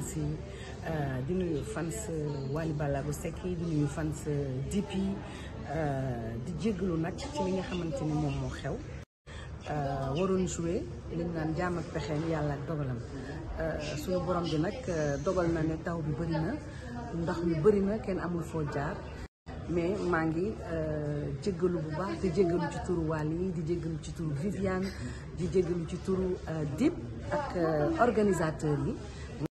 fans yi euh, di nuyu fans euh, Wally Ballago Seck di nuyu fans euh, Dipi di jéggalu nag ci li nga xamante ni moom moo xew waroon joué li ñu naan jaam ak pexeem yàlla ak dogalam suñu borom bi nag dogal na ne taw bi bëri na ndax yu bëri na kenn amul foo jaar mais maa ngi jéggalu bu baax di jéggalu ci turu Wally di jéggalu ci turu Viviane di jéggalu ci turu Dip ak organisateurs yi